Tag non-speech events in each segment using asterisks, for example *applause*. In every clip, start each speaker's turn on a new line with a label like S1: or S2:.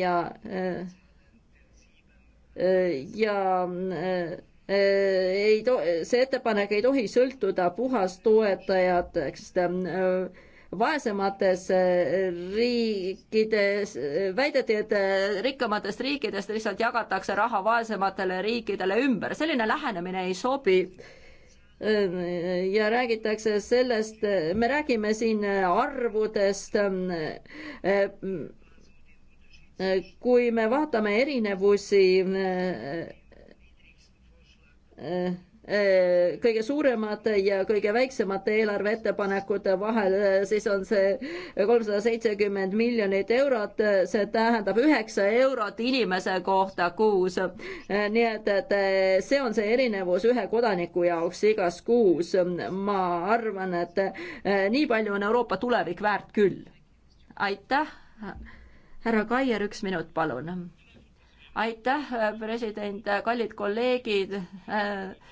S1: ja ja ei to-, see ettepanek ei tohi sõltuda puhastoetajatest vaesemates riikides, väideti, et rikkamatest riikidest lihtsalt jagatakse raha vaesematele riikidele ümber, selline lähenemine ei sobi. ja räägitakse sellest, me räägime siin arvudest kui me vaatame erinevusi kõige suuremate ja kõige väiksemate eelarveettepanekute vahel, siis on see kolmsada seitsekümmend miljonit eurot, see tähendab üheksa eurot inimese kohta kuus. nii et, et see on see erinevus ühe kodaniku jaoks igas kuus. ma arvan, et nii palju on Euroopa tulevik väärt küll. aitäh härra Kaier, üks minut, palun. aitäh, president, kallid kolleegid äh,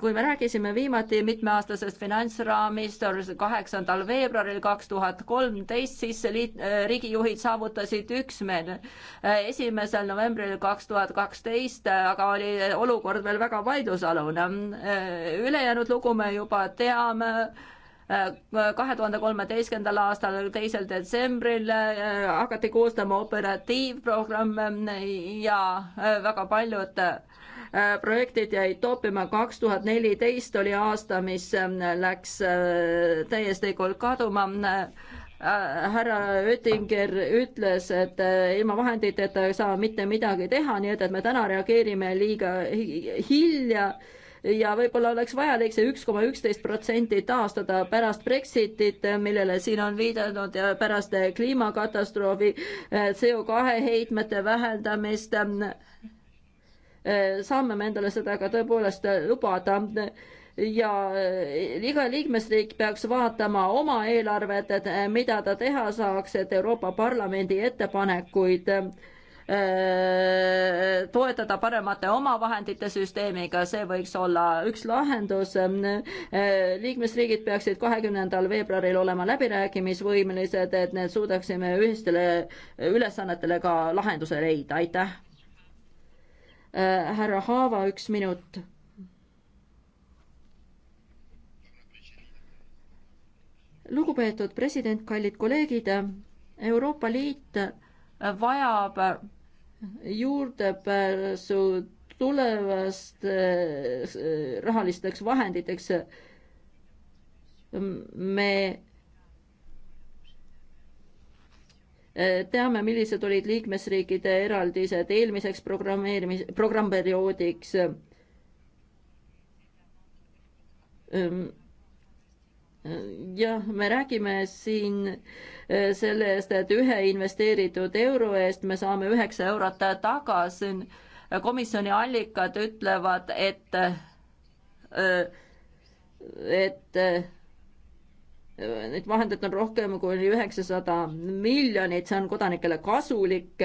S1: kui me rääkisime viimati mitmeaastasest finantsraamist, kaheksandal veebruaril kaks tuhat kolmteist, siis liit, äh, riigijuhid saavutasid üksmeele. Äh, esimesel novembril kaks tuhat kaksteist aga oli olukord veel väga vaidlusalune. ülejäänud lugu me juba teame kahe tuhande kolmeteistkümnendal aastal teisel detsembril äh, hakati koostama operatiivprogramme äh, ja äh, väga paljud projektid jäid toppima, kaks tuhat neliteist oli aasta, mis läks täiesti kaduma härra Oettinger ütles, et ilma vahenditeta ei saa mitte midagi teha, nii et, et me täna reageerime liiga hilja ja võib-olla oleks vajalik see üks koma üksteist protsenti taastada pärast Brexitit, millele siin on viidanud ja pärast kliimakatastroofi eh, CO kahe heitmete vähendamist eh, saame me endale seda ka tõepoolest lubada ja eh, iga liikmesriik peaks vaatama oma eelarvet, et mida ta teha saaks, et Euroopa Parlamendi ettepanekuid äh, Äh, toetada paremate omavahendite süsteemiga, see võiks olla üks lahendus. Äh, liikmesriigid peaksid kahekümnendal veebruaril olema läbirääkimisvõimelised, et need suudaksime ühistele ülesannetele ka lahenduse leida, aitäh. Äh, härra Haava, üks minut lugupeetud president, kallid kolleegid, Euroopa Liit vajab juurdepääsu tulevast eh, rahalisteks vahenditeks me eh, teame, millised olid liikmesriikide eraldised eelmiseks programmeerimis, programmperioodiks. Ehm, jah, me räägime siin äh, selle eest, et ühe investeeritud euro eest me saame üheksa eurot tagasi. komisjoni allikad ütlevad, et, äh, et äh, neid vahendeid on rohkem kui üheksasada miljonit, see on kodanikele kasulik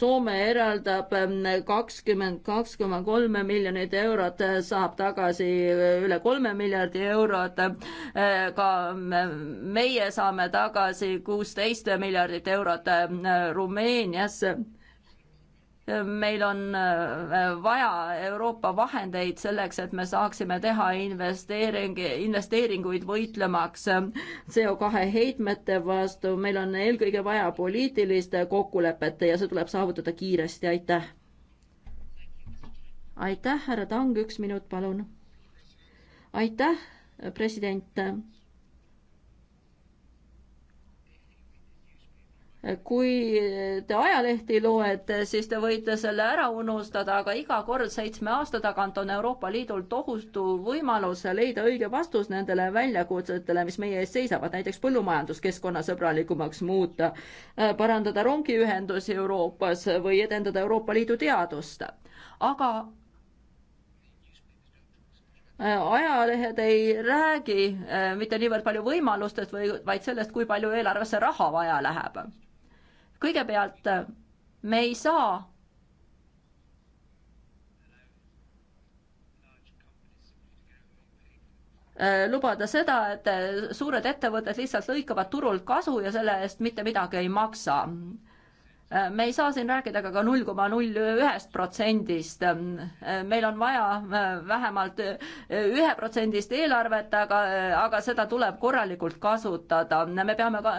S1: Soome eraldab ähm, kakskümmend kaks koma kolme miljonit eurot, äh, saab tagasi äh, üle kolme miljardi eurot. Äh, ka ähm, meie saame tagasi kuusteist miljardit eurot Rumeeniasse meil on äh, vaja Euroopa vahendeid selleks, et me saaksime teha investeering, investeeringuid võitlemaks äh, CO2 heitmete vastu, meil on eelkõige vaja poliitilist kokkulepet ja see tuleb saavutada kiiresti, aitäh. aitäh, härra Tang, üks minut, palun. aitäh, president kui te ajalehti loete, siis te võite selle ära unustada, aga iga kord seitsme aasta tagant on Euroopa Liidul tohutu võimalus leida õige vastus nendele väljakutsetele, mis meie ees seisavad, näiteks põllumajandus keskkonnasõbralikumaks muuta, parandada rongiühendusi Euroopas või edendada Euroopa Liidu teadust. aga ajalehed ei räägi eh, mitte niivõrd palju võimalustest või, vaid sellest, kui palju eelarvesse raha vaja läheb kõigepealt äh, me ei saa äh, lubada seda, et äh, suured ettevõtted lihtsalt lõikavad turult kasu ja selle eest mitte midagi ei maksa Äh, me ei saa siin rääkida ka null koma null ühest protsendist. Ähm, äh, meil on vaja äh, vähemalt ühe protsendist eelarvet, aga, aga seda tuleb korralikult kasutada. me peame ka,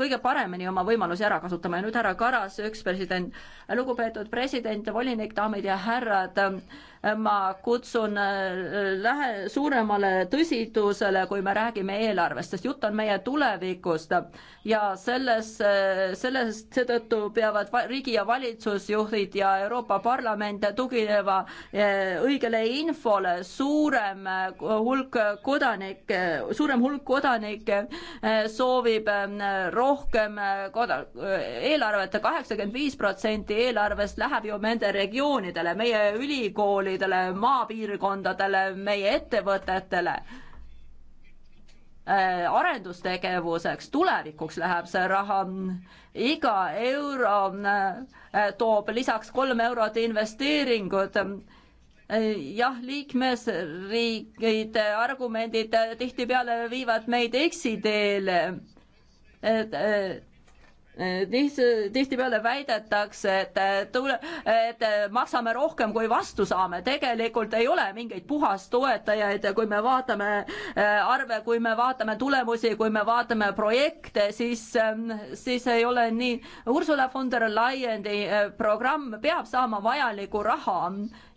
S1: kõige paremini oma võimalusi ära kasutama ja nüüd härra Karas, üks president, lugupeetud president, volinik, daamid ja härrad ähm, ma kutsun äh, lähe, suuremale tõsidusele, kui me räägime eelarvest, sest jutt on meie tulevikust ja selles, äh, sellest, seetõttu peavad riigi ja valitsusjuhid ja Euroopa Parlament tugineva äh, õigele infole, suurem hulk kodanikke, suurem hulk kodanikke soovib ähm, rohkem koda-, eelarvet, kaheksakümmend viis protsenti eelarvest läheb ju nende regioonidele, meie ülikool ülikoolidele, maapiirkondadele, meie ettevõtetele äh, arendustegevuseks, tulevikuks läheb see raha, iga euro äh, toob lisaks kolm eurot investeeringud. Äh, jah, liikmesriigid argumendid tihtipeale viivad meid eksiteele. et tihtipeale väidetakse, et tule, et maksame rohkem, kui vastu saame, tegelikult ei ole mingeid puhastoetajaid, kui me vaatame äh, arve, kui me vaatame tulemusi, kui me vaatame projekte, siis, ähm, siis ei ole nii. Ursula von der Leyeni äh, programm peab saama vajalikku raha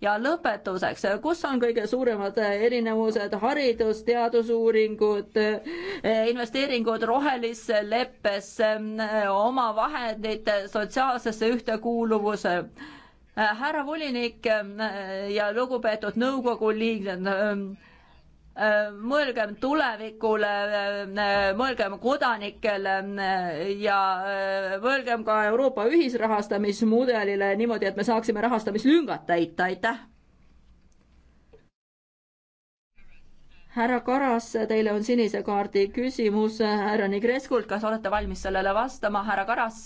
S1: ja lõpetuseks, kus on kõige suuremad erinevused, haridus, teadusuuringud, äh, investeeringud rohelisse leppesse, oma vahendid sotsiaalsesse ühtekuuluvuse härra volinik ja lugupeetud nõukogu liikmed, mõelgem tulevikule, mõelgem kodanikele ja mõelgem ka Euroopa ühisrahastamismudelile niimoodi, et me saaksime rahastamislüngad täita, aitäh! härra Karas, teile on sinise kaardi küsimus härra Nigreskult, kas olete valmis sellele vastama, härra Karas?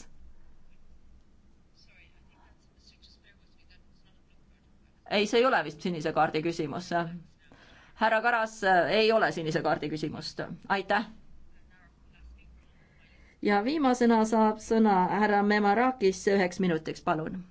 S1: ei, see ei ole vist sinise kaardi küsimus. härra Karas, ei ole sinise kaardi küsimust, aitäh. ja viimasena saab sõna härra Memarakis üheks minutiks, palun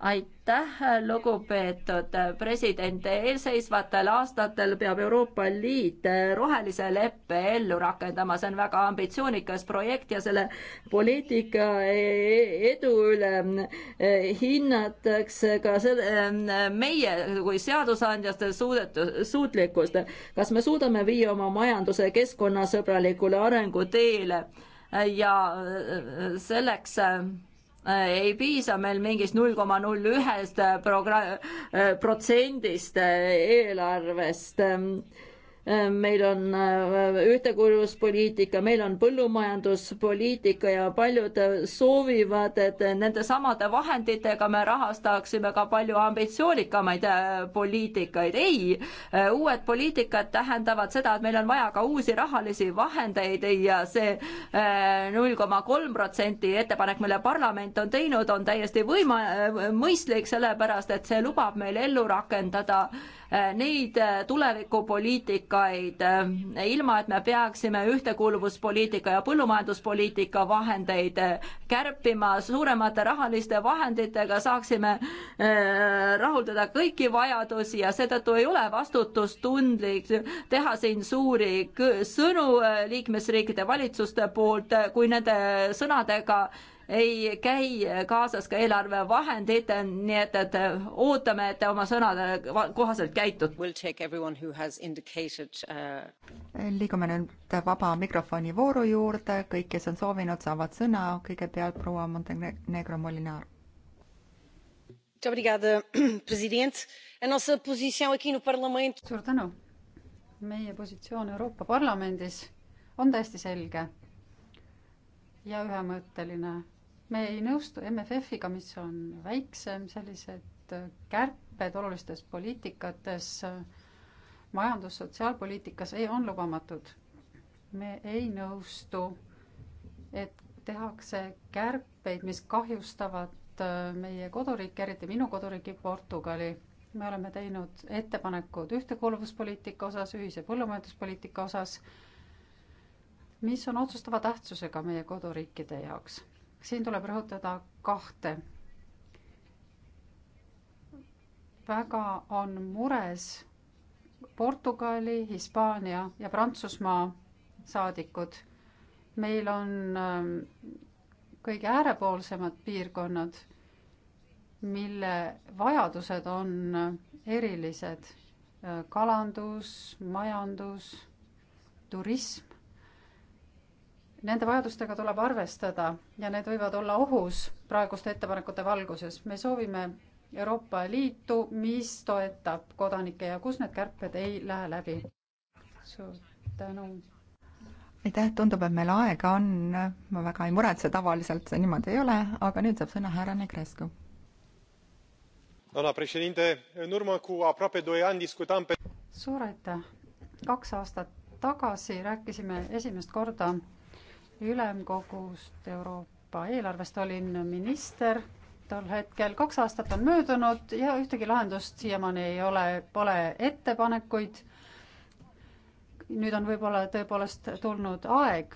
S1: aitäh, lugupeetud president, eelseisvatel aastatel peab Euroopa Liit rohelise leppe ellu rakendama, see on väga ambitsioonikas projekt ja selle poliitika e-, e-, edu üle e, hinnatakse ka selle, meie kui seadusandjaste suudetu-, suutlikkust. kas me suudame viia oma majanduse keskkonnasõbralikule arenguteele ja selleks Äh, ei piisa meil mingist null koma null ühest äh, äh, protsendist eelarvest ähm, meil on äh, ühtekuuluvuspoliitika, meil on põllumajanduspoliitika ja paljud soovivad, et nendesamade vahenditega me rahastaksime ka palju ambitsioonikamaid äh, poliitikaid. ei, äh, uued poliitikad tähendavad seda, et meil on vaja ka uusi rahalisi vahendeid ja see null koma kolm protsenti ettepanek, mille parlament on teinud, on täiesti võima-, mõistlik, sellepärast et see lubab meil ellu rakendada äh, Äh, neid äh, tulevikupoliitikaid, äh, ilma et me peaksime ühtekuuluvuspoliitika ja põllumajanduspoliitika vahendeid kärpima suuremate rahaliste vahenditega, saaksime rahuldada kõiki vajadusi ja seetõttu ei ole vastutustundlik teha siin suuri sõnu liikmesriikide valitsuste poolt, kui nende sõnadega ei käi kaasas ka eelarvevahendid, nii et, et ootame, et te oma sõnade kohaselt käitute we'll. Uh,
S2: liigume nüüd vaba mikrofoni vooru juurde, kõik, kes on soovinud, saavad sõna, kõigepealt proua Montenegro Molinar.
S3: *clears throat* suur tänu. meie positsioon Euroopa Parlamendis on täiesti selge ja ühemõtteline me ei nõustu MFF-iga, mis on väiksem, sellised kärped olulistes poliitikates majandus, majandus, sotsiaalpoliitikas ei, on lubamatud. me ei nõustu, et tehakse kärpeid, mis kahjustavad äh, meie koduriiki, eriti minu koduriiki Portugali. me oleme teinud ettepanekud ühtekuuluvuspoliitika osas, ühise põllumajanduspoliitika osas, mis on otsustava tähtsusega meie koduriikide jaoks siin tuleb rõhutada kahte. väga on mures Portugali, Hispaania ja Prantsusmaa saadikud. meil on ähm, kõige äärepoolsemad piirkonnad, mille vajadused on erilised. Äh, kalandus, majandus, turism Nende vajadustega tuleb arvestada ja need võivad olla ohus praeguste ettepanekute valguses. me soovime Euroopa Liitu, mis toetab kodanikke ja kus need kärped ei lähe läbi. suur tänu.
S2: aitäh, tundub, et meil aega on, ma väga ei muretse, tavaliselt see niimoodi ei ole, aga nüüd saab sõna härra Negrescu
S4: doamnă președintă în urmă cu aproape doi ani discutam pe.
S2: suur aitäh!
S3: kaks aastat tagasi rääkisime esimest korda ülemkogust Euroopa eelarvest olin minister tol hetkel, kaks aastat on möödunud ja ühtegi lahendust siiamaani ei ole, pole ettepanekuid. nüüd on võib-olla tõepoolest tulnud aeg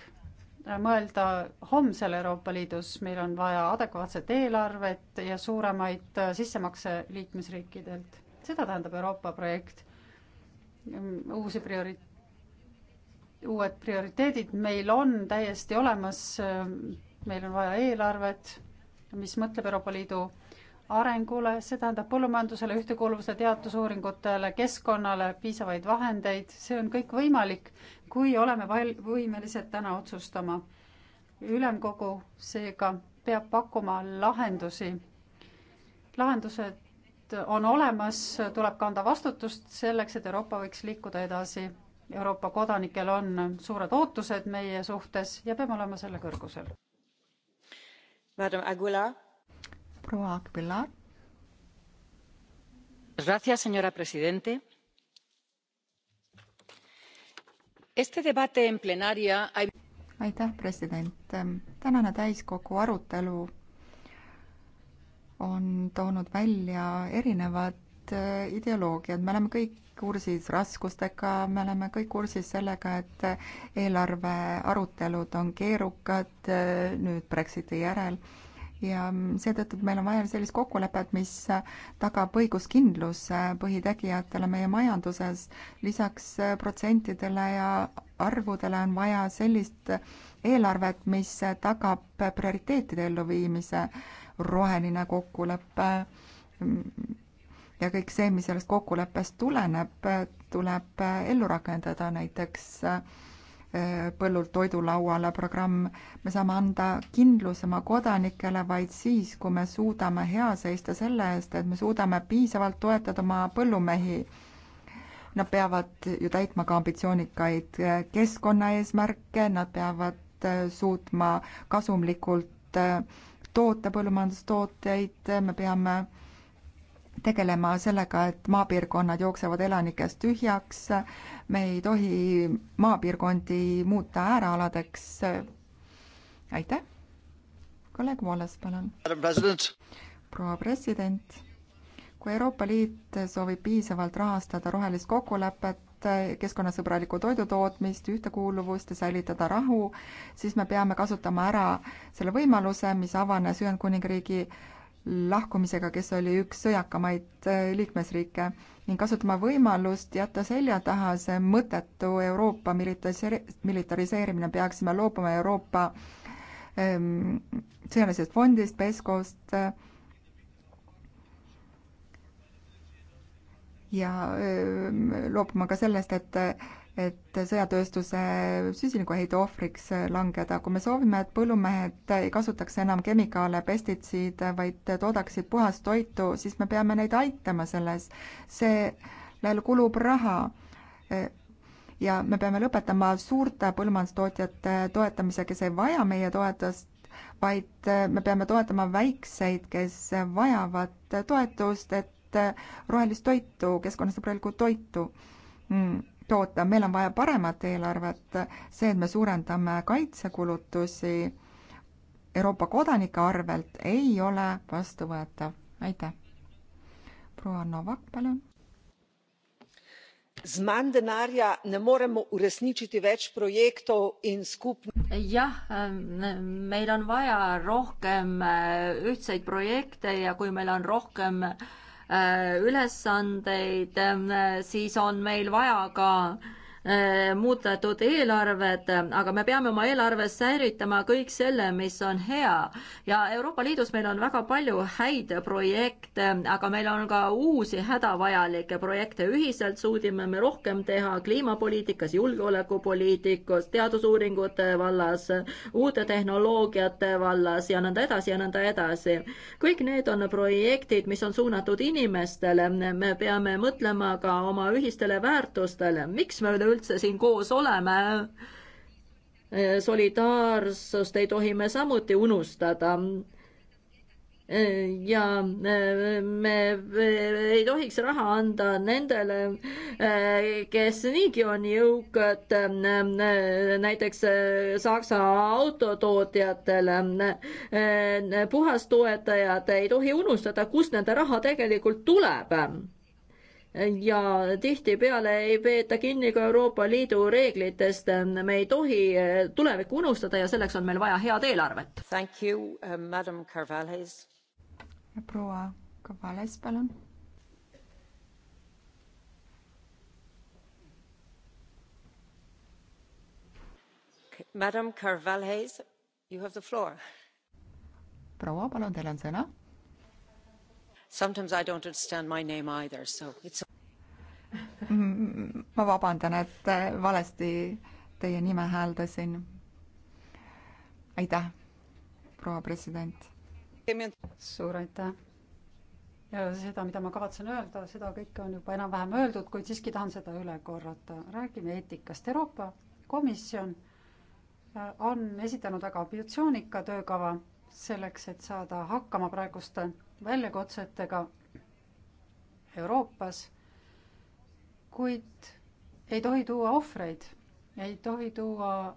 S3: mõelda homsel Euroopa Liidus, meil on vaja adekvaatset eelarvet ja suuremaid sissemakse liikmesriikidelt. seda tähendab Euroopa projekt, uusi priori-, uued prioriteedid, meil on täiesti olemas, meil on vaja eelarvet, mis mõtleb Euroopa Liidu arengule, see tähendab põllumajandusele, ühtekuuluvusele, teadusuuringutele, keskkonnale piisavaid vahendeid, see on kõik võimalik, kui oleme val-, võimelised täna otsustama. ülemkogu seega peab pakkuma lahendusi. lahendused on olemas, tuleb kanda vastutust selleks, et Euroopa võiks liikuda edasi Euroopa kodanikel on suured ootused meie suhtes ja peame olema selle kõrgusel.
S2: proua Aguilar.
S3: Gracias, señora presidente. Este debate en plenaria hay...
S2: aitäh, president. tänane täiskogu arutelu on toonud välja erinevad ideoloogiad, me oleme kõik kursis raskustega, me oleme kõik kursis sellega, et eelarve arutelud on keerukad eh, nüüd Brexiti järel ja seetõttu meil on vaja sellist kokkulepet, mis tagab õiguskindluse põhitegijatele meie majanduses. lisaks eh, protsentidele ja arvudele on vaja sellist eelarvet, mis tagab prioriteetide elluviimise, roheline kokkulepe, ja kõik see, mis sellest kokkuleppest tuleneb, tuleb ellu rakendada, näiteks äh, põllult toidulauale programm, me saame anda kindluse oma kodanikele vaid siis, kui me suudame hea seista selle eest, et me suudame piisavalt toetada oma põllumehi. Nad peavad ju täitma ka ambitsioonikaid äh, keskkonnaeesmärke, nad peavad äh, suutma kasumlikult toota põllumajandustooteid, me peame äh, tegelema sellega, et maapiirkonnad jooksevad elanikest tühjaks, me ei tohi maapiirkondi muuta äärealadeks. aitäh. kolleeg Wallace, palun. proua president, kui Euroopa Liit soovib piisavalt rahastada rohelist kokkulepet, keskkonnasõbralikku toidutootmist, ühtekuuluvust ja säilitada rahu, siis me peame kasutama ära selle võimaluse, mis avanes Ühendkuningriigi lahkumisega, kes oli üks sõjakamaid äh, liikmesriike ning kasutama võimalust jätta selja taha see mõttetu Euroopa militariseeri-, militariseerimine, peaksime loobuma Euroopa ähm, sõjalisest fondist, PESCO-st äh, ja äh, loobuma ka sellest, et äh, et sõjatööstuse süsinikuheide ohvriks langeda. kui me soovime, et põllumehed ei kasutaks enam kemikaale, pestitsiide, vaid toodaksid puhast toitu, siis me peame neid aitama selles. sellel kulub raha. ja me peame lõpetama suurte põllumajandustootjate toetamise, kes ei vaja meie toetust, vaid me peame toetama väikseid, kes vajavad toetust, et rohelist toitu, keskkonnasõbralikku toitu mm toota, meil on vaja paremat eelarvet, see, et me suurendame kaitsekulutusi Euroopa kodanike arvelt, ei ole vastuvõetav. aitäh. proua Novak, palun. Z manj denarja ne moremo uresničiti več projektov in skupn-.
S1: jah, meil on vaja rohkem eh, ühtseid projekte ja kui meil on rohkem äh, Äh, ülesandeid, ähm, siis on meil vaja ka Äh, muudetud eelarved, aga me peame oma eelarves säilitama kõik selle, mis on hea. ja Euroopa Liidus meil on väga palju häid projekte, aga meil on ka uusi hädavajalikke projekte, ühiselt suudime me rohkem teha kliimapoliitikas, julgeolekupoliitikas, teadusuuringute vallas, uute tehnoloogiate vallas ja nõnda edasi ja nõnda edasi. kõik need on projektid, mis on suunatud inimestele, me peame mõtlema ka oma ühistele väärtustele, miks me üleüldse üleüldse siin koos oleme. solidaarsust ei tohi me samuti unustada ja me ei tohiks raha anda nendele, kes niigi on jõukad, näiteks Saksa autotootjatele. puhastoetajad ei tohi unustada, kust nende raha tegelikult tuleb ja tihtipeale ei peeta kinni ka Euroopa Liidu reeglitest. me ei tohi eh, tulevikku unustada ja selleks on meil vaja head eelarvet. Uh,
S2: proua Carvalhes, palun proua palun teil on sõna Sometimes
S3: I don't understand my name either, so it's
S2: *laughs* ma vabandan, et äh, valesti teie nime hääldasin. aitäh, proua president. suur aitäh.
S3: ja seda, mida ma kavatsen öelda, seda kõike on juba enam-vähem öeldud, kuid siiski tahan seda üle korrata. räägime eetikast. Euroopa Komisjon äh, on esitanud väga ambitsioonika töökava selleks, et saada hakkama praeguste väljakutsetega Euroopas, kuid ei tohi tuua ohvreid, ei tohi tuua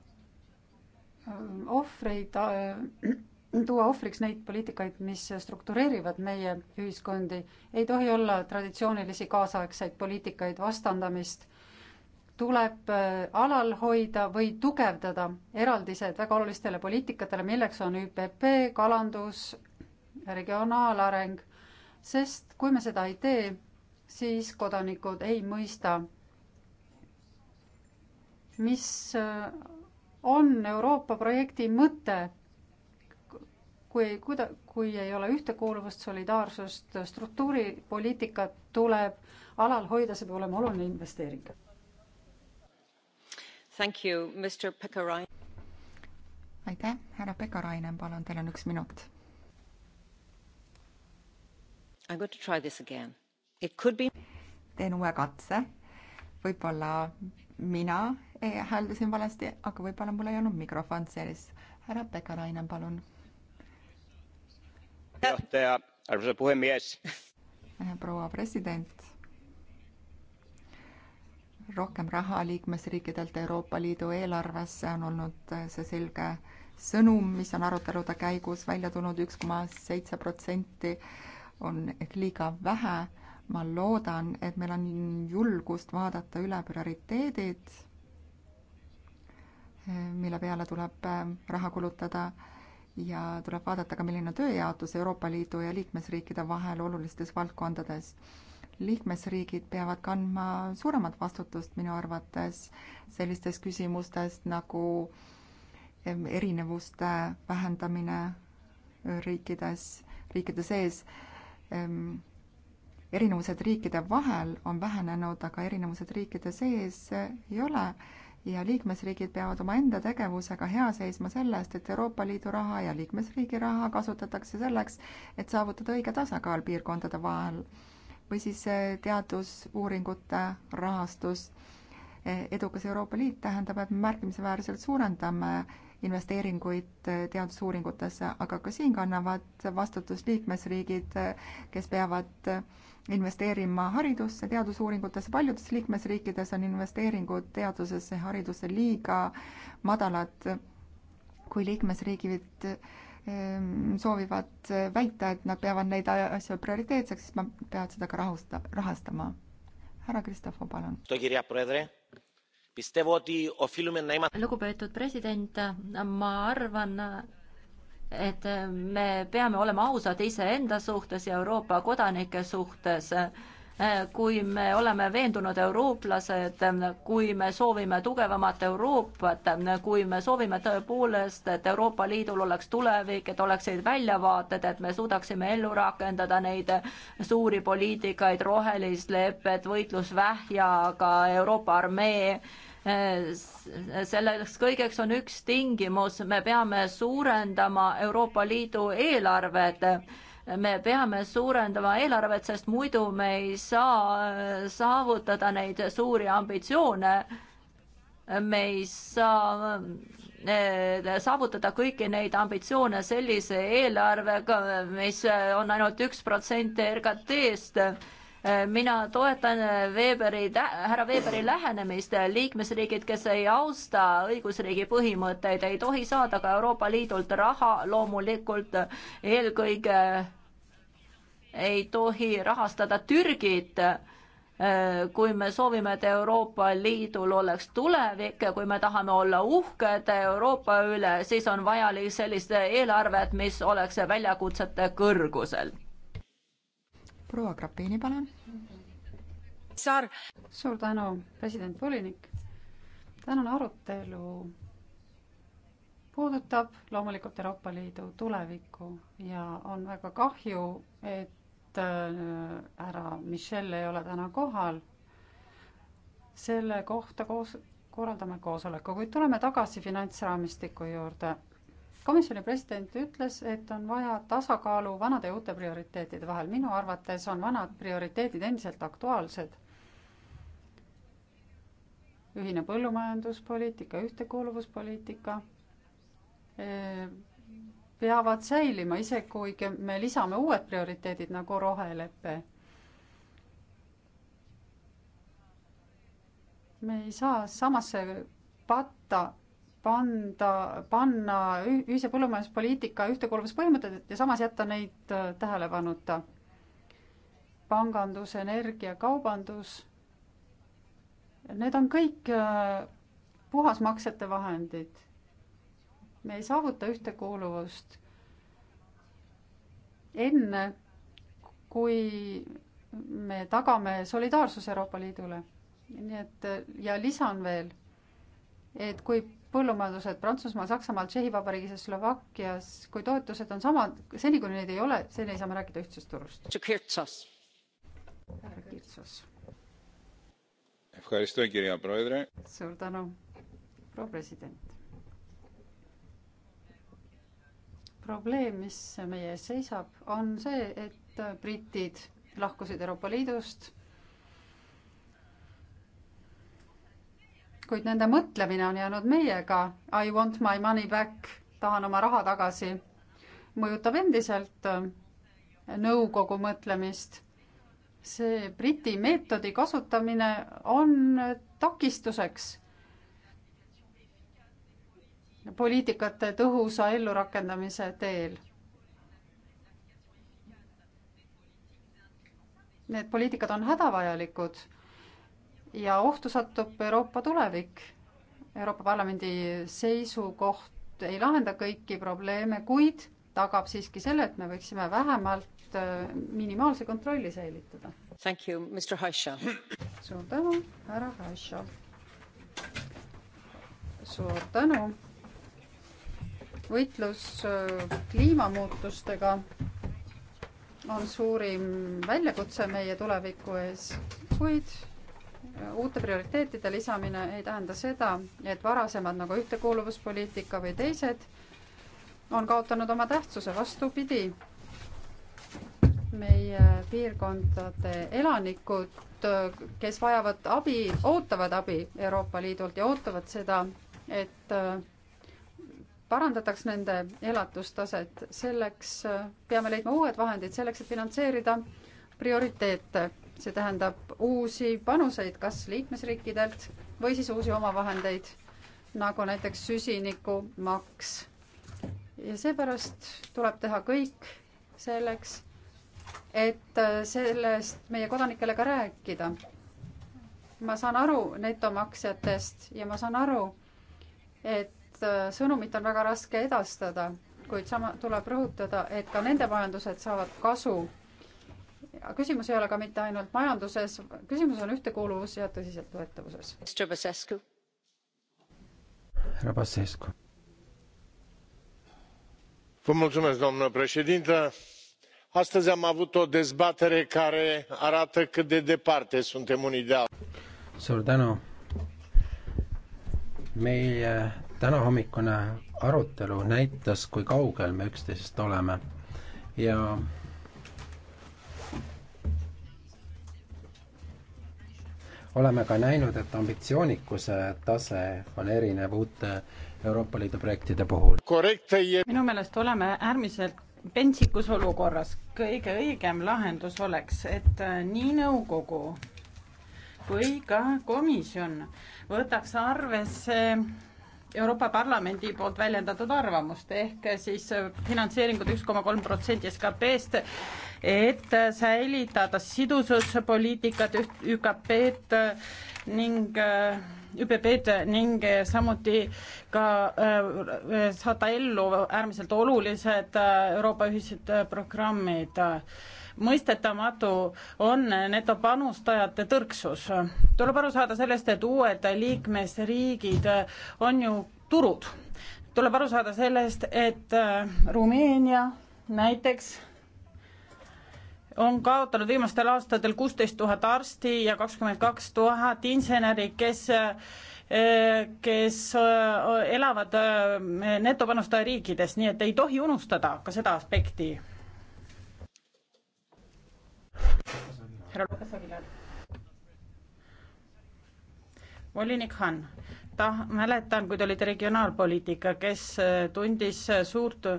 S3: äh, ohvreid, äh, tuua ohvriks neid poliitikaid, mis struktureerivad meie ühiskondi, ei tohi olla traditsioonilisi kaasaegseid poliitikaid, vastandamist, tuleb äh, alal hoida või tugevdada eraldised väga olulistele poliitikatele, milleks on ÜPP, kalandus, regionaalareng, sest kui me seda ei tee, siis kodanikud ei mõista, mis äh, on Euroopa projekti mõte, kui, kuida-, kui ei ole ühtekuuluvust, solidaarsust, struktuuripoliitikat tuleb alal hoida, see peab olema oluline investeering.
S2: aitäh, härra Pekarainen, palun, teil on üks minut
S1: Be...
S2: teen uue katse. võib-olla mina eh, hääldasin valesti, aga võib-olla mul ei olnud mikrofon sees. härra Pekarainen, palun.
S5: juhataja, armsa puhemees
S2: äh, proua president. rohkem raha liikmesriikidelt Euroopa Liidu eelarvesse on olnud äh, see selge sõnum, mis on arutelude käigus välja tulnud, üks koma seitse protsenti on ehk liiga vähe. ma loodan, et meil on julgust vaadata üle prioriteedid, mille peale tuleb äh, raha kulutada ja tuleb vaadata ka, milline on tööjaotus Euroopa Liidu ja liikmesriikide vahel olulistes valdkondades liikmesriigid peavad kandma suuremat vastutust minu arvates sellistes küsimustes nagu ähm, erinevuste vähendamine äh, riikides, riikide sees erinevused riikide vahel on vähenenud, aga erinevused riikide sees ei ole ja liikmesriigid peavad omaenda tegevusega hea seisma selle eest, et Euroopa Liidu raha ja liikmesriigi raha kasutatakse selleks, et saavutada õige tasakaal piirkondade vahel. või siis eh, teadusuuringute rahastus. Eh, edukas Euroopa Liit tähendab, et märkimisväärselt suurendame investeeringuid äh, teadusuuringutesse, aga ka siin kannavad vastutust liikmesriigid, äh, kes peavad äh, investeerima haridusse, teadusuuringutesse, paljudes liikmesriikides on investeeringud teadusesse, haridusse liiga madalad, kui liikmesriigid soovivad väita, et nad peavad neid asju prioriteetseks, siis nad peavad seda ka rahusta, rahastama. härra Kristofor, palun
S1: lugupeetud president, ma arvan, et me peame olema ausad iseenda suhtes ja Euroopa kodanike suhtes. kui me oleme veendunud eurooplased, kui me soovime tugevamat Euroopat, kui me soovime tõepoolest, et Euroopa Liidul oleks tulevik, et oleksid väljavaated, et me suudaksime ellu rakendada neid suuri poliitikaid, rohelist lepet, võitlus vähjaga, Euroopa armee Äh, selleks kõigeks on üks tingimus, me peame suurendama Euroopa Liidu eelarved. me peame suurendama eelarvet, sest muidu me ei saa äh, saavutada neid suuri ambitsioone. me ei saa äh, saavutada kõiki neid ambitsioone sellise eelarvega, mis on ainult üks protsent RKT-st mina toetan Weberi, härra Weberi lähenemist, liikmesriigid, kes ei austa õigusriigi põhimõtteid, ei tohi saada ka Euroopa Liidult raha, loomulikult eelkõige ei tohi rahastada Türgit, kui me soovime, et Euroopa Liidul oleks tulevik ja kui me tahame olla uhked Euroopa üle, siis on vajalik sellist eelarvet, mis oleks väljakutsete kõrgusel proua
S2: Grapini, palun.
S1: Saar.
S3: suur tänu, president volinik. tänane arutelu puudutab loomulikult Euroopa Liidu tulevikku ja on väga kahju, et äh, härra Michel ei ole täna kohal. selle kohta koos, korraldame koosoleku, kuid tuleme tagasi finantsraamistiku juurde komisjoni president ütles, et on vaja tasakaalu vanade ja uute prioriteetide vahel. minu arvates on vanad prioriteedid endiselt aktuaalsed. ühine põllumajanduspoliitika, ühtekuuluvuspoliitika eh, peavad säilima, isegi kui me lisame uued prioriteedid nagu rohelepe me ei saa samasse patta panda, panna ühise põllumajanduspoliitika ühtekuuluvuspõhimõtted ja samas jätta neid äh, tähelepanuta. pangandus, energia, kaubandus, need on kõik äh, puhasmaksete vahendid. me ei saavuta ühtekuuluvust enne, kui me tagame solidaarsuse Euroopa Liidule. nii et äh, ja lisan veel, et kui põllumajandused Prantsusmaal, Saksamaal, Tšehhi Vabariigis ja Slovakkias, kui toetused on samad, seni kui neid ei ole, seni ei saa me rääkida ühtsest turust. härra Kirtsos. suur tänu, proua president. probleem, mis meie ees seisab, on see, et britid lahkusid Euroopa Liidust kuid nende mõtlemine on jäänud meiega. I want my money back, tahan oma raha tagasi, mõjutab endiselt äh, nõukogu mõtlemist. see Briti meetodi kasutamine on äh, takistuseks poliitikate tõhusa ellurakendamise teel need poliitikad on hädavajalikud ja ohtu satub Euroopa tulevik. Euroopa Parlamendi seisukoht ei lahenda kõiki probleeme, kuid tagab siiski selle, et me võiksime vähemalt äh, minimaalse kontrolli säilitada. suur tänu, härra Hašo. suur tänu. võitlus äh, kliimamuutustega on suurim väljakutse meie tuleviku ees, kuid uute prioriteetide lisamine ei tähenda seda, et varasemad nagu ühtekuuluvuspoliitika või teised on kaotanud oma tähtsuse, vastupidi. meie piirkondade elanikud, kes vajavad abi, ootavad abi Euroopa Liidult ja ootavad seda, et parandataks nende elatustaset, selleks peame leidma uued vahendid selleks, et finantseerida prioriteete see tähendab uusi panuseid kas liikmesriikidelt või siis uusi omavahendeid, nagu näiteks süsinikumaks. ja seepärast tuleb teha kõik selleks, et äh, sellest meie kodanikele ka rääkida. ma saan aru netomaksjatest ja ma saan aru, et äh, sõnumit on väga raske edastada, kuid sama, tuleb rõhutada, et ka nende majandused saavad kasu küsimus ei ole ka mitte ainult majanduses, küsimus on ühtekuuluvus ja tõsiseltvõetavuses.
S4: härra Basescu. doamnă președintă astăzi am avut o dezbatere care arată cât de departe suntem unii de alții. suur tänu. meie eh, tänahommikune arutelu näitas, kui kaugel me üksteisest oleme ja oleme ka näinud, et ambitsioonikuse tase on erinev uute Euroopa Liidu projektide puhul.
S5: minu meelest oleme äärmiselt pentsikus olukorras. kõige õigem lahendus oleks, et äh, nii nõukogu kui ka komisjon võtaks arvesse Euroopa Parlamendi poolt väljendatud arvamust ehk siis äh, finantseeringud üks koma kolm protsenti SKP-st et säilitada sidususpoliitikat, ÜKP-d ning äh, ÜPP-d ning samuti ka äh, saada ellu äärmiselt olulised äh, Euroopa ühised programmid. mõistetamatu on netopanustajate tõrksus. tuleb aru saada sellest, et uued liikmesriigid on ju turud. tuleb aru saada sellest, et Rumeenia näiteks on kaotanud viimastel aastatel kuusteist tuhat arsti ja kakskümmend kaks tuhat inseneri, kes eh, kes eh, elavad eh, netopanustaja riikides, nii et ei tohi unustada ka seda aspekti. härra Lukas Avilar. volinik Han, ta, mäletan, kui te olite regionaalpoliitika, kes tundis suurt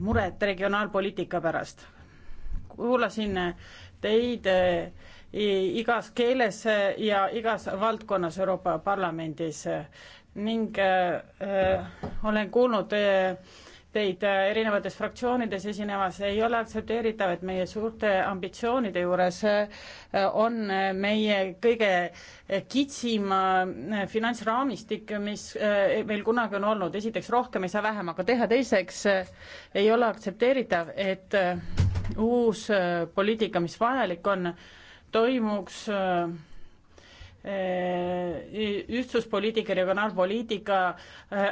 S5: muret regionaalpoliitika pärast kuulasin teid eh, igas keeles eh, ja igas valdkonnas Euroopa Parlamendis ning äh, olen kuulnud äh, teid erinevates fraktsioonides esinemas, ei ole aktsepteeritav, et meie suurte ambitsioonide juures on meie kõige kitsim finantsraamistik, mis meil kunagi on olnud, esiteks rohkem ei saa vähemaga teha, teiseks ei ole aktsepteeritav, et uus äh, poliitika, mis vajalik on, toimuks äh, äh, ühtsuspoliitika, regionaalpoliitika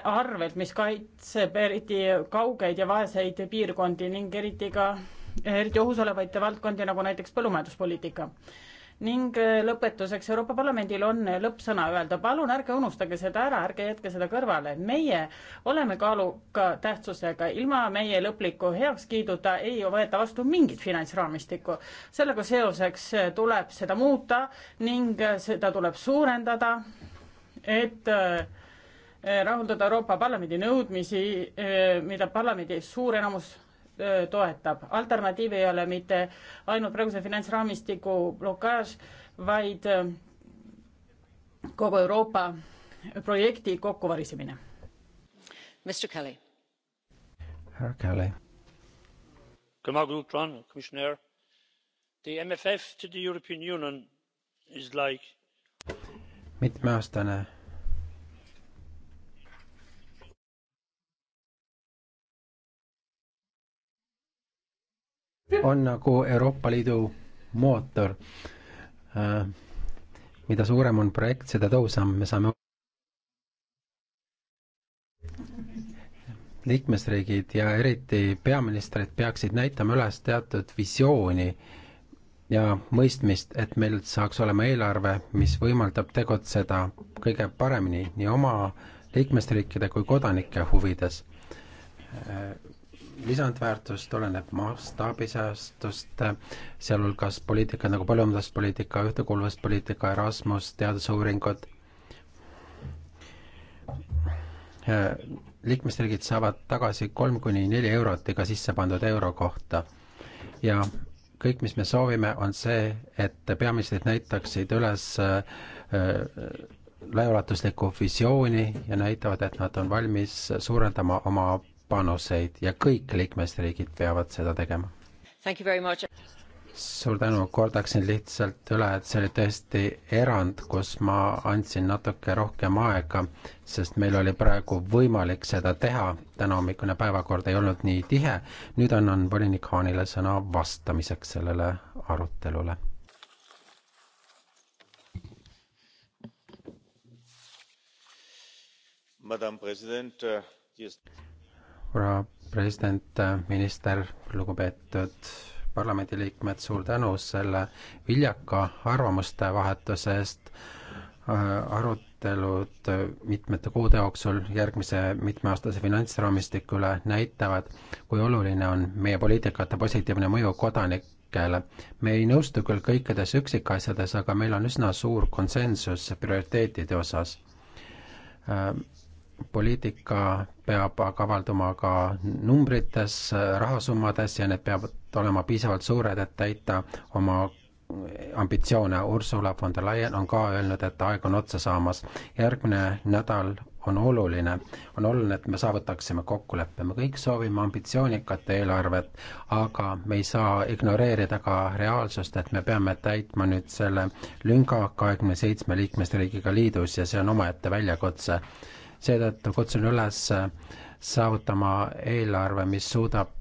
S5: arvelt, mis kaitseb eriti kaugeid ja vaeseid piirkondi ning eriti ka eriti ohus olevaid valdkondi, nagu näiteks põllumajanduspoliitika ning äh, lõpetuseks, Euroopa Parlamendil on äh, lõppsõna öelda, palun ärge unustage seda ära, ärge jätke seda kõrvale, meie oleme kaaluka tähtsusega, ilma meie lõpliku heakskiiduta ei võeta vastu mingit finantsraamistikku. sellega seoseks äh, tuleb seda muuta ning seda tuleb suurendada, et rahuldada Euroopa Parlamendi nõudmisi, mida parlamendi suur enamus Äh, toetab. alternatiiv ei ole mitte ainult praeguse finantsraamistiku blokaaž, vaid äh, kogu Euroopa projekti kokkuvarisemine. Mr Kelly.
S4: härra Kelly. mitmeaastane on nagu Euroopa Liidu mootor. Äh, mida suurem on projekt, seda tõhusam me saame. liikmesriigid ja eriti peaministrid peaksid näitama üles teatud visiooni ja mõistmist, et meil saaks olema eelarve, mis võimaldab tegutseda kõige paremini nii oma liikmesriikide kui kodanike huvides äh, lisandväärtus tuleneb mastaabisäästust, sealhulgas poliitika nagu põllumajanduspoliitika, ühtekuuluvuspoliitika, Erasmus, teadusuuringud. liikmesriigid saavad tagasi kolm kuni neli eurot iga sisse pandud euro kohta ja kõik, mis me soovime, on see, et peaministrid näitaksid üles äh, laiaulatuslikku visiooni ja näitavad, et nad on valmis suurendama oma panuseid ja kõik liikmesriigid peavad seda tegema. suur tänu, kordaksin lihtsalt üle, et see oli tõesti erand, kus ma andsin natuke rohkem aega, sest meil oli praegu võimalik seda teha, tänahommikune päevakord ei olnud nii tihe, nüüd annan volinik Haanile sõna vastamiseks sellele arutelule
S1: madam president dear uh,
S4: härra president, minister, lugupeetud parlamendiliikmed, suur tänu selle viljaka arvamuste vahetuse eest. arutelud mitmete kuude jooksul järgmise mitmeaastase finantsraamistiku üle näitavad, kui oluline on meie poliitikate positiivne mõju kodanikele. me ei nõustu küll kõikides üksikasjades, aga meil on üsna suur konsensus prioriteetide osas poliitika peab aga avalduma ka numbrites, rahasummades ja need peavad olema piisavalt suured, et täita oma ambitsioone. Ursula von der Leyen on ka öelnud, et aeg on otsa saamas. järgmine nädal on oluline, on oluline, et me saavutaksime kokkuleppe, me kõik soovime ambitsioonikat eelarvet, aga me ei saa ignoreerida ka reaalsust, et me peame täitma nüüd selle lünga kahekümne seitsme liikmesriigiga liidus ja see on omaette väljakutse seetõttu kutsun üles äh, saavutama eelarve, mis suudab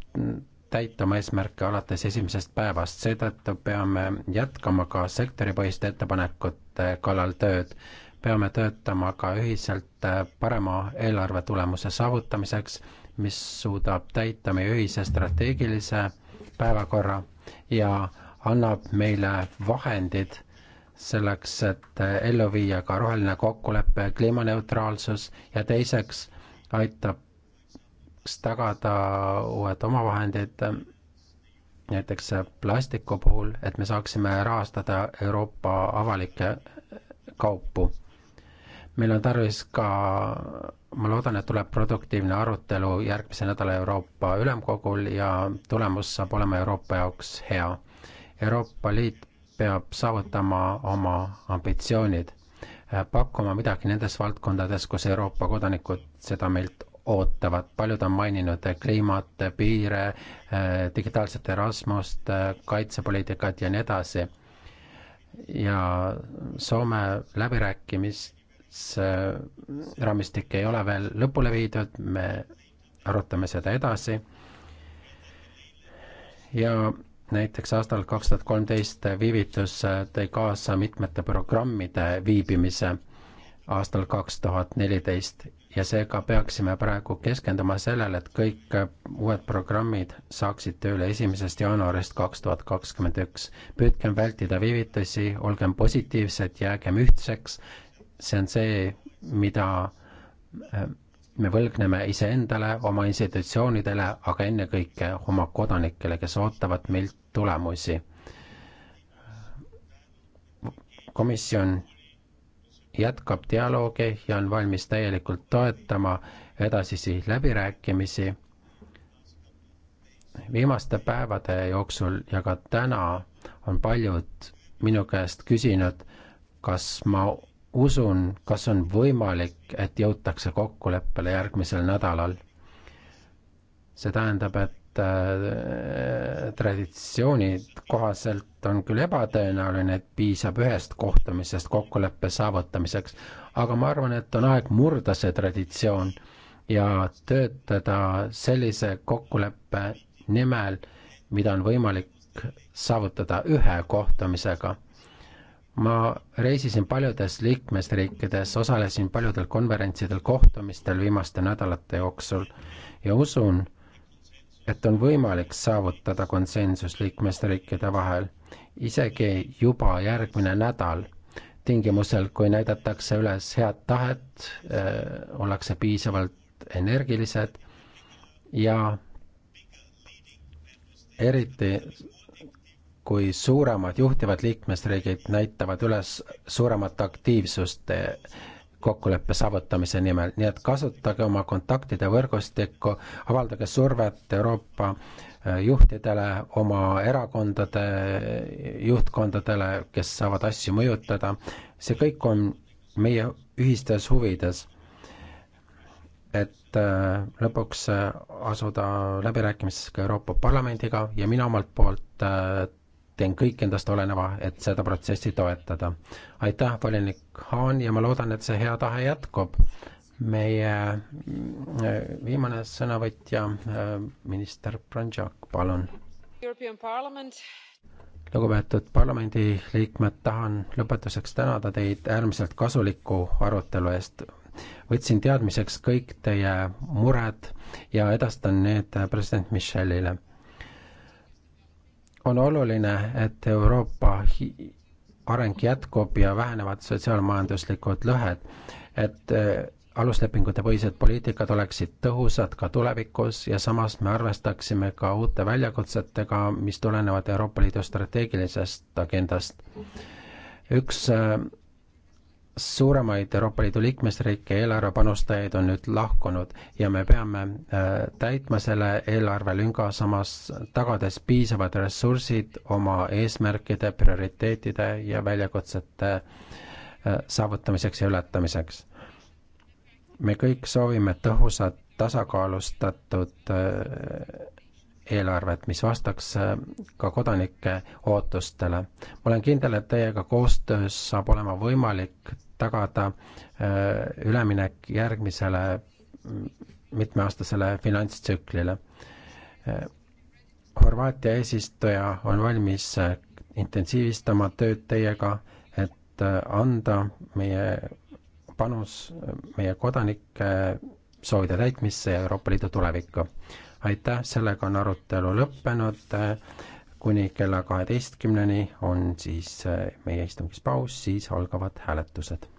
S4: täita oma eesmärke alates esimesest päevast, seetõttu peame jätkama ka sektoripõhiste ettepanekute kallal tööd. peame töötama ka ühiselt äh, parema eelarve tulemuse saavutamiseks, mis suudab täita meie ühise strateegilise päevakorra ja annab meile vahendid selleks, et ellu viia ka roheline kokkulepe, kliimaneutraalsus ja teiseks aitab tagada uued omavahendid näiteks plastiku puhul, et me saaksime rahastada Euroopa avalikke kaupu. meil on tarvis ka, ma loodan, et tuleb produktiivne arutelu järgmise nädala Euroopa Ülemkogul ja tulemus saab olema Euroopa jaoks hea. Euroopa Liit peab saavutama oma ambitsioonid, äh, pakkuma midagi nendes valdkondades, kus Euroopa kodanikud seda meilt ootavad, paljud on maininud äh, kliimat, äh, piire, digitaalset Erasmust, kaitsepoliitikat ja nii edasi. ja Soome läbirääkimisraamistik ei ole veel lõpule viidud, me arutame seda edasi ja näiteks aastal kaks tuhat kolmteist viivitus tõi kaasa mitmete programmide viibimise aastal kaks tuhat neliteist ja seega peaksime praegu keskenduma sellele, et kõik uued programmid saaksid tööle esimesest jaanuarist kaks tuhat kakskümmend üks. püüdkem vältida viivitusi, olgem positiivsed, jäägem ühtseks, see on see, mida me võlgneme iseendale, oma institutsioonidele, aga ennekõike oma kodanikele, kes ootavad meilt tulemusi. komisjon jätkab dialoogi ja on valmis täielikult toetama edasisi läbirääkimisi. viimaste päevade jooksul ja ka täna on paljud minu käest küsinud, kas ma usun, kas on võimalik, et jõutakse kokkuleppele järgmisel nädalal. see tähendab, et äh, traditsiooni kohaselt on küll ebatõenäoline, et piisab ühest kohtumisest kokkuleppe saavutamiseks, aga ma arvan, et on aeg murda see traditsioon ja töötada sellise kokkuleppe nimel, mida on võimalik saavutada ühe kohtumisega ma reisisin paljudes liikmesriikides, osalesin paljudel konverentsidel, kohtumistel viimaste nädalate jooksul ja usun, et on võimalik saavutada konsensus liikmesriikide vahel, isegi juba järgmine nädal, tingimusel, kui näidatakse üles head tahet, eh, ollakse piisavalt energilised ja eriti kui suuremad juhtivad liikmesriigid näitavad üles suuremat aktiivsust kokkuleppe saavutamise nimel, nii et kasutage oma kontaktide võrgustikku, avaldage survet Euroopa äh, juhtidele, oma erakondade juhtkondadele, kes saavad asju mõjutada, see kõik on meie ühistes huvides. et äh, lõpuks äh, asuda läbirääkimistesse ka Euroopa Parlamendiga ja mina omalt poolt teen kõik endast oleneva, et seda protsessi toetada. aitäh, volinik Haan ja ma loodan, et see hea tahe jätkub. meie mm, äh, viimane sõnavõtja, äh, minister Brandžak, palun. lugupeetud parlamendiliikmed, tahan lõpetuseks tänada teid äärmiselt kasuliku arutelu eest võtsin teadmiseks kõik teie mured ja edastan need president Michelile on oluline, et Euroopa areng jätkub ja vähenevad sotsiaalmajanduslikud lõhed, et äh, aluslepingute põhised poliitikad oleksid tõhusad ka tulevikus ja samas me arvestaksime ka uute väljakutsetega, mis tulenevad Euroopa Liidu strateegilisest agendast. üks äh, suuremaid Euroopa Liidu liikmesriike eelarvepanustajaid on nüüd lahkunud ja me peame äh, täitma selle eelarvelünga, samas tagades piisavad ressursid oma eesmärkide, prioriteetide ja väljakutsete äh, saavutamiseks ja ületamiseks. me kõik soovime tõhusat, tasakaalustatud äh, eelarvet, mis vastaks äh, ka kodanike ootustele. ma olen kindel, et teiega koostöös saab olema võimalik tagada äh, üleminek järgmisele mm, mitmeaastasele finantstsüklile. Äh, Horvaatia eesistuja on valmis intensiivistama tööd teiega, et anda meie panus meie kodanike soovide täitmisse ja Euroopa Liidu tulevikku aitäh, sellega on arutelu lõppenud, kuni kella kaheteistkümneni on siis eh, meie istungis paus, siis algavad hääletused.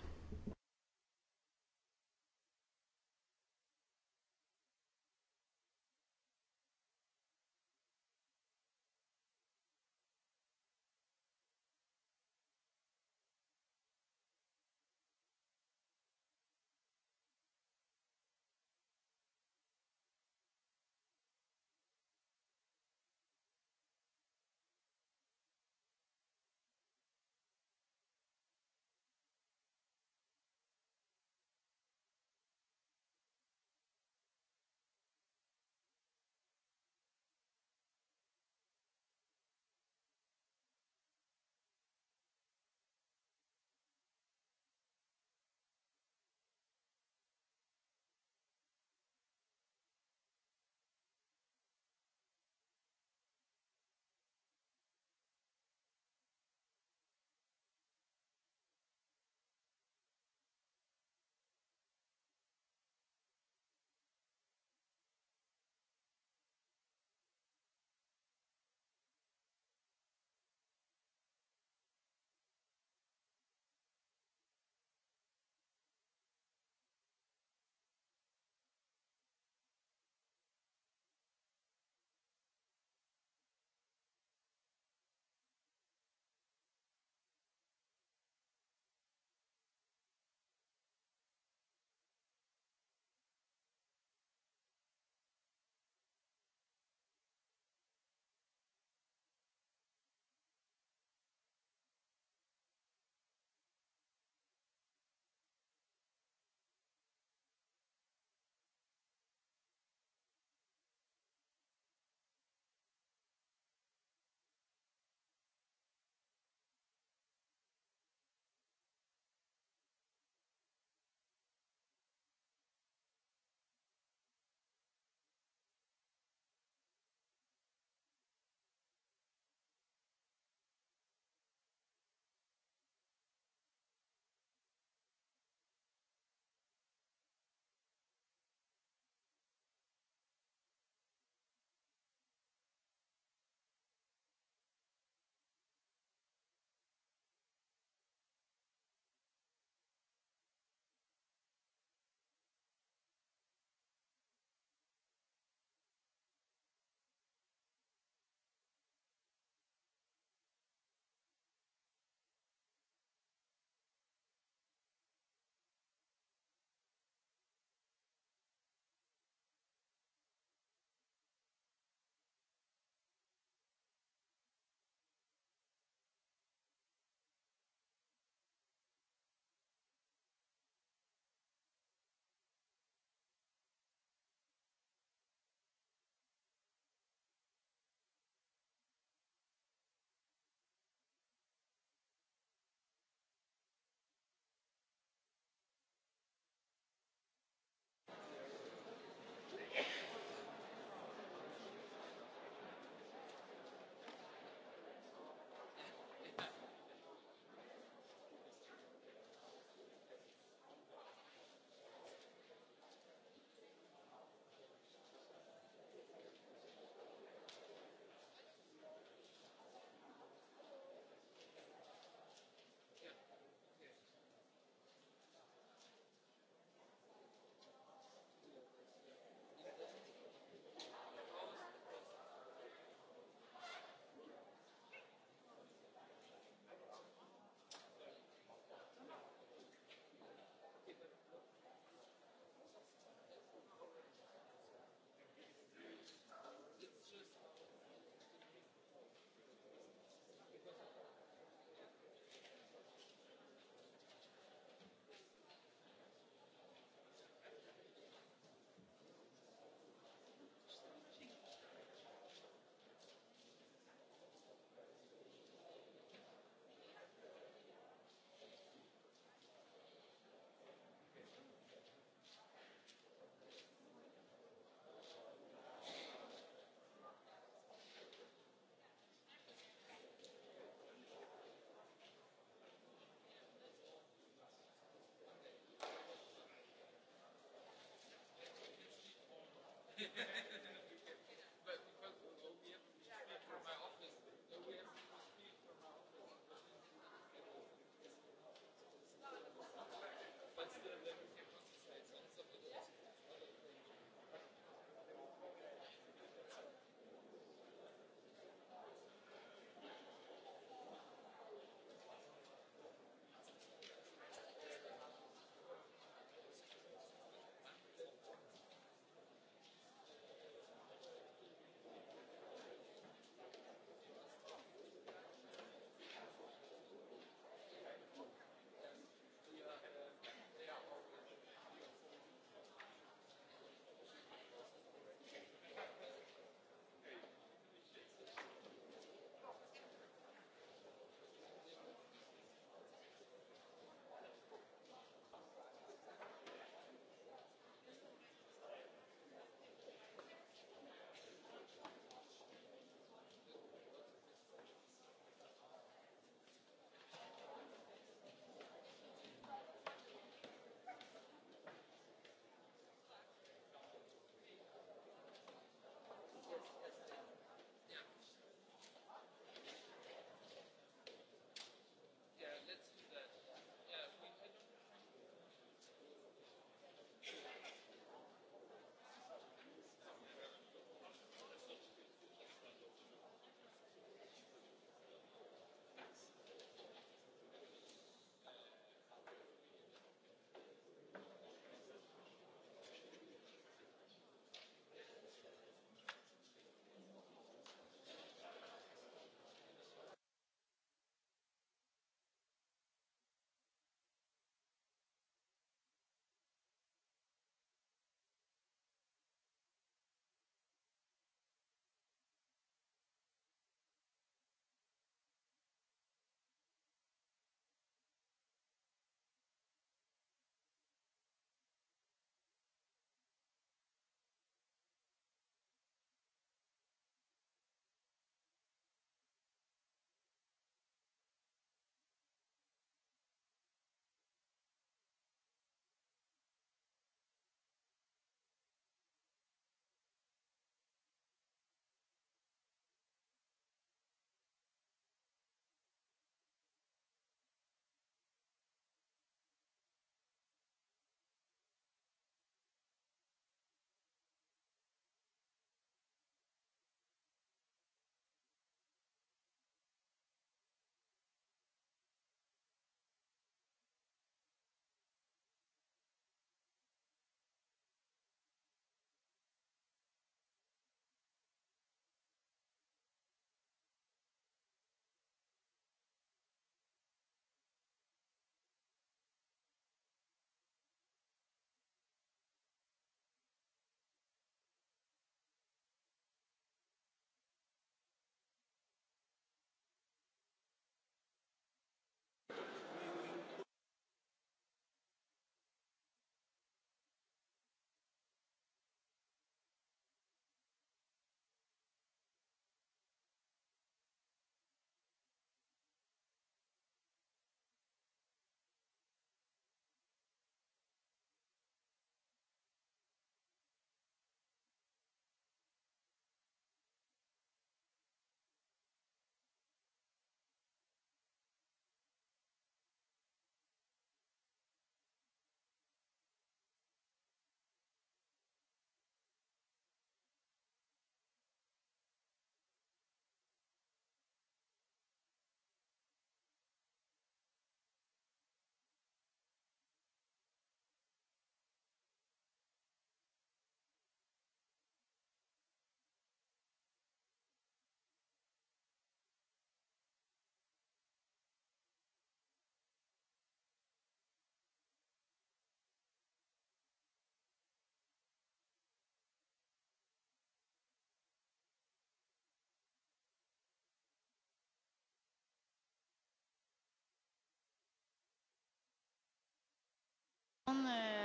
S5: on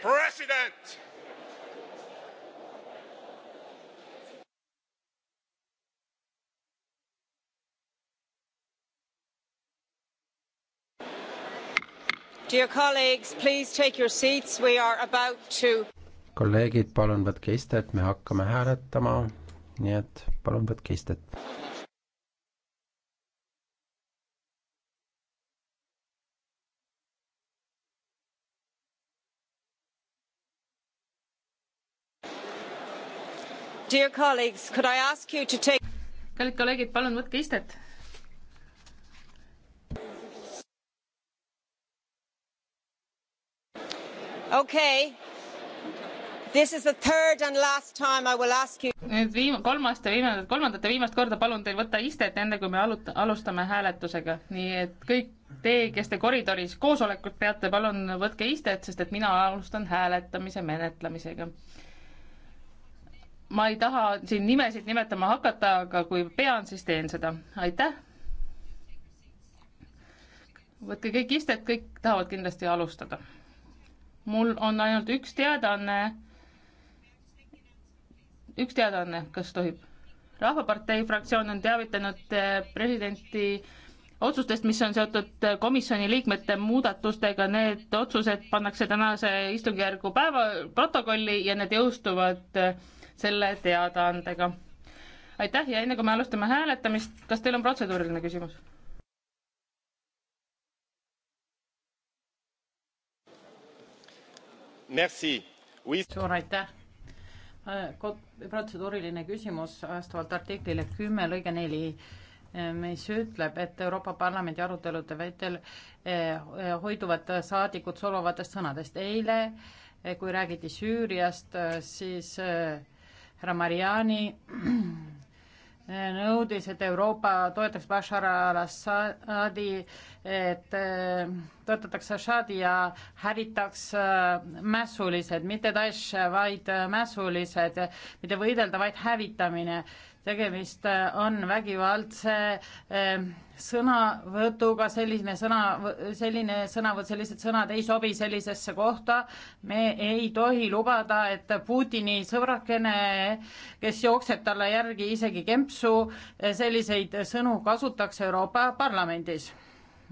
S3: president!
S2: Dear colleagues, please take your seats, we are about to
S4: kolleegid, palun võtke istet, me hakkame hääletama, nii et palun võtke istet.
S1: kallid
S6: kolleegid, palun võtke istet. okei okay.. This is the third and last time I will ask you. nüüd viim-, kolmast ja viimane, kolmandat ja viimast korda palun teil võtta istet, enne kui me alut-, alustame hääletusega. nii et kõik te, kes te koridoris koosolekut peate, palun võtke istet, sest et mina alustan hääletamise menetlemisega ma ei taha siin nimesid nimetama hakata, aga kui pean, siis teen seda. aitäh! võtke kõik istet, kõik tahavad kindlasti alustada. mul on ainult üks teadaanne, üks teadaanne, kas tohib? rahvapartei fraktsioon on teavitanud eh, presidenti otsustest, mis on seotud eh, komisjoni liikmete muudatustega, need otsused pannakse tänase istungjärgu päeva protokolli ja need jõustuvad eh, selle teadaandega. aitäh ja enne kui me alustame hääletamist, kas teil on protseduuriline küsimus?
S5: Oui. suur aitäh. Äh, protseduuriline küsimus vastavalt artiklile kümme lõige neli äh, mis ütleb, et Euroopa Parlamendi arutelude vältel äh, hoiduvad saadikud solvavatest sõnadest. eile, kui räägiti Süüriast, siis härra Mariani *clears throat* nõudis, et Euroopa toetaks Bashar al-Assadi, et äh, toetatakse Assadi ja hävitaks äh, mässulised, mitte Daesh, vaid äh, mässulised, mitte võidelda, vaid hävitamine tegemist äh, on vägivaldse ähm, sõnavõtuga, selline sõna, selline sõnavõtt, sellised sõnad ei sobi sellisesse kohta. me ei tohi lubada, et Putini sõbrakene, kes jookseb talle järgi isegi kempsu, äh, selliseid sõnu kasutaks Euroopa Parlamendis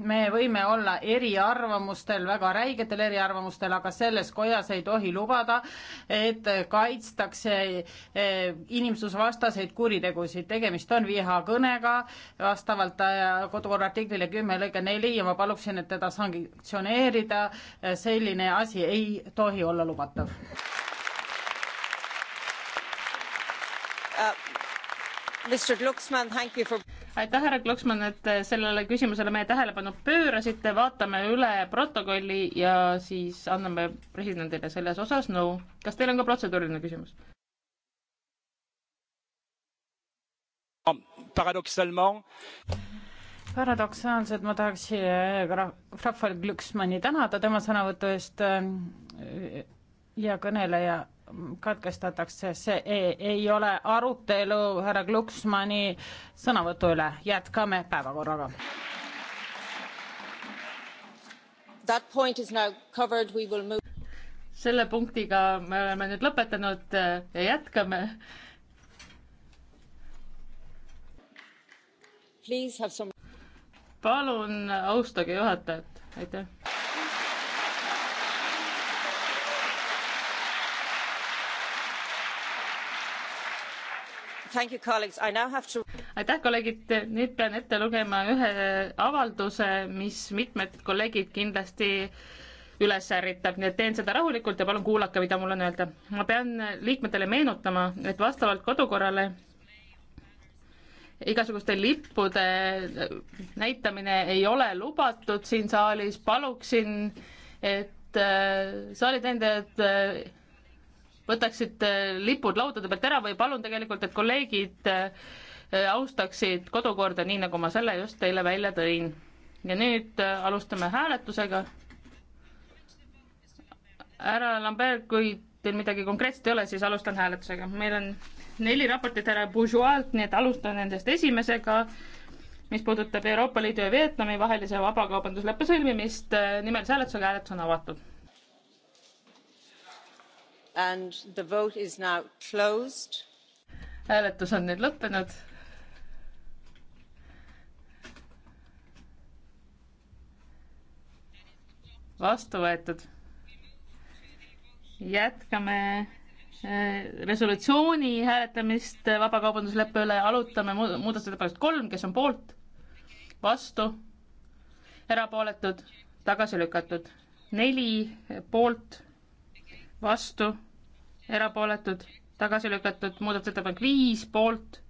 S5: me võime olla eriarvamustel, väga räigetel eriarvamustel, aga selles kojas ei tohi lubada, et kaitstakse eh, inimsusvastaseid kuritegusid. tegemist on vihakõnega vastavalt äh, kodukorra artiklile kümme lõige neli ja ma paluksin, et teda sanktsioneerida. selline asi ei tohi olla lubatav uh,.
S6: Mr Glucksmann, thank you for aitäh, härra Kloksmann, et sellele küsimusele meie tähelepanu pöörasite, vaatame üle protokolli ja siis anname presidendile selles osas nõu no.. kas teil on ka protseduuriline küsimus?
S1: paradoxalement
S6: paradoksaalselt ma tahaks
S5: äh, Rafael Glücksmanni tänada tema sõnavõtu eest äh, ja kõneleja katkestatakse, see ei, ei ole arutelu härra Glucksmanni sõnavõtu üle, jätkame päevakorraga.
S1: selle
S6: punktiga me oleme nüüd lõpetanud ja jätkame. Some... palun austage juhatajat, aitäh. aitäh, kolleegid, nüüd pean ette lugema ühe avalduse, mis mitmed kolleegid kindlasti üles ärritab, nii et teen seda rahulikult ja palun kuulake, mida mul on öelda. ma pean liikmetele meenutama, et vastavalt kodukorrale igasuguste lippude näitamine ei ole lubatud siin saalis, paluksin, et äh, saalide endajad äh, võtaksite lipud laudade pealt ära või palun tegelikult, et kolleegid äh, austaksid kodukorda, nii nagu ma selle just teile välja tõin. ja nüüd äh, alustame hääletusega. härra Lambert, kui teil midagi konkreetset ei ole, siis alustan hääletusega. meil on neli raportit härra Bourgeois'lt, nii et alustan nendest esimesega, mis puudutab Euroopa Liidu ja Vietnami vahelise vabakaubandusleppe sõlmimist. Äh, nimelise hääletusega hääletus on avatud and the vote is now closed. hääletus on nüüd lõppenud. vastu võetud. jätkame äh, resolutsiooni hääletamist vabakaubandusleppe üle, alutame muudatusettepanekust kolm, kes on poolt, vastu, erapooletud, tagasi lükatud, neli poolt vastu, erapooletud, tagasi lükatud, muudatusettepanek viis poolt,